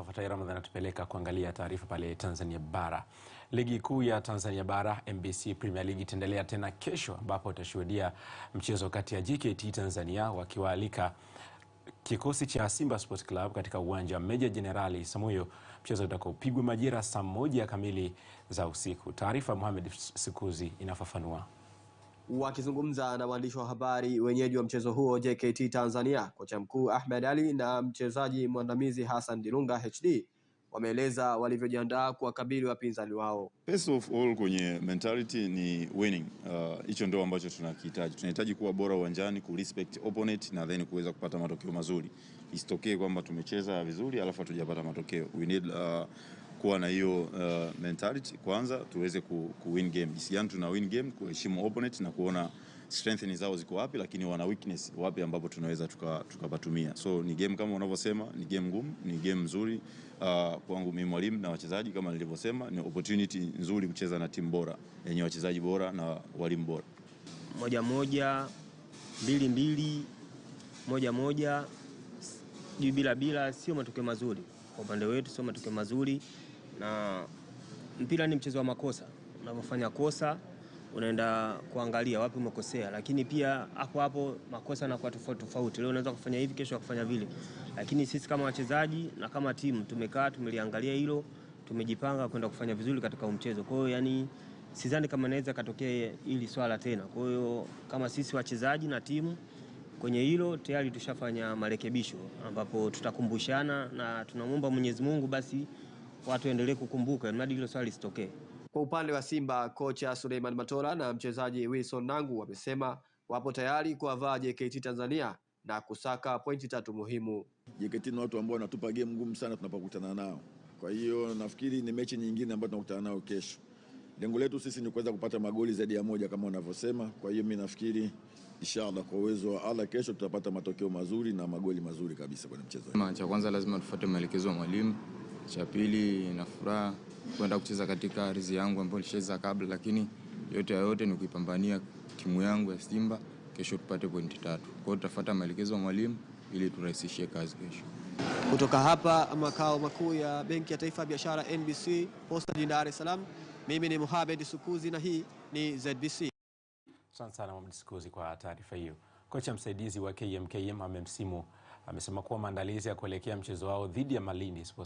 Afatai Ramadhan atupeleka kuangalia taarifa pale Tanzania Bara. Ligi kuu ya Tanzania Bara MBC Premier League itaendelea tena kesho, ambapo utashuhudia mchezo kati ya JKT Tanzania wakiwaalika kikosi cha Simba Sports Club katika uwanja wa Meja Jenerali samuyo mchezo utakaopigwa majira saa moja kamili za usiku. Taarifa Mohamed Sikuzi inafafanua. Wakizungumza na waandishi wa habari wenyeji wa mchezo huo JKT Tanzania, kocha mkuu Ahmed ali na mchezaji mwandamizi Hassan Dilunga HD wameeleza walivyojiandaa kuwakabili wapinzani wao. First of all, kwenye mentality ni winning. Uh, hicho uh, ndio ambacho tunakihitaji. Tunahitaji kuwa bora uwanjani, ku respect opponent na then kuweza kupata matokeo mazuri. Isitokee kwamba tumecheza vizuri alafu hatujapata matokeo. We need uh, kuwa na hiyo uh, mentality kwanza, tuweze ku, ku win game. Jinsi gani tuna win game, kuheshimu opponent na kuona strength zao ziko wapi, lakini wana weakness wapi ambapo tunaweza tukapatumia. Tuka so ni game kama unavyosema, ni game ngumu, ni game nzuri uh, kwangu mimi mwalimu na wachezaji, kama nilivyosema, ni opportunity nzuri kucheza na timu bora yenye wachezaji bora na walimu bora. Moja moja, mbili mbili, moja moja, bila bila, sio matokeo mazuri kwa upande wetu, sio matokeo mazuri na mpira ni mchezo wa makosa. Unavyofanya kosa unaenda kuangalia wapi umekosea, lakini pia hapo hapo makosa yanakuwa tofauti tofauti. Leo unaweza kufanya hivi, kesho kufanya vile, lakini sisi kama wachezaji na kama timu tumekaa, tumeliangalia hilo, tumejipanga kwenda kufanya vizuri katika mchezo. Kwa hiyo yani sidhani kama inaweza katokea hili swala tena. Kwa hiyo kama sisi wachezaji na timu kwenye hilo tayari tushafanya marekebisho, ambapo tutakumbushana na tunamwomba Mwenyezi Mungu basi watu waendelee kukumbuka mradi hilo swali lisitokee. Kwa upande wa Simba, kocha Suleiman Matola na mchezaji Wilson Nangu wamesema wapo tayari kuwavaa JKT Tanzania na kusaka pointi tatu muhimu. JKT ni watu ambao wanatupa game ngumu sana tunapokutana nao, kwa hiyo nafikiri ni mechi nyingine ambayo tunakutana nao kesho. Lengo letu sisi ni kuweza kupata magoli zaidi ya moja kama wanavyosema. Kwa hiyo mi nafikiri inshallah, kwa uwezo wa Allah, kesho tutapata matokeo mazuri na magoli mazuri kabisa kwenye mchezo. Cha kwanza lazima tufuate maelekezo ya mwalimu cha pili, na furaha kwenda kucheza katika ardhi yangu ambayo nilicheza kabla, lakini yote ya yote ni kuipambania timu yangu ya Simba kesho tupate pointi tatu. Kwa hiyo tutafuata maelekezo ya mwalimu ili turahisishie kazi kesho. Kutoka hapa makao makuu ya Benki ya Taifa ya Biashara NBC Posta jijini Dar es Salaam, mimi ni Mohamed Sukuzi na hii ni ZBC. Asante sana Mohamed Sukuzi kwa taarifa hiyo. Kocha msaidizi wa KMKM amemsimu amesema kuwa maandalizi ya kuelekea mchezo wao dhidi ya Malindi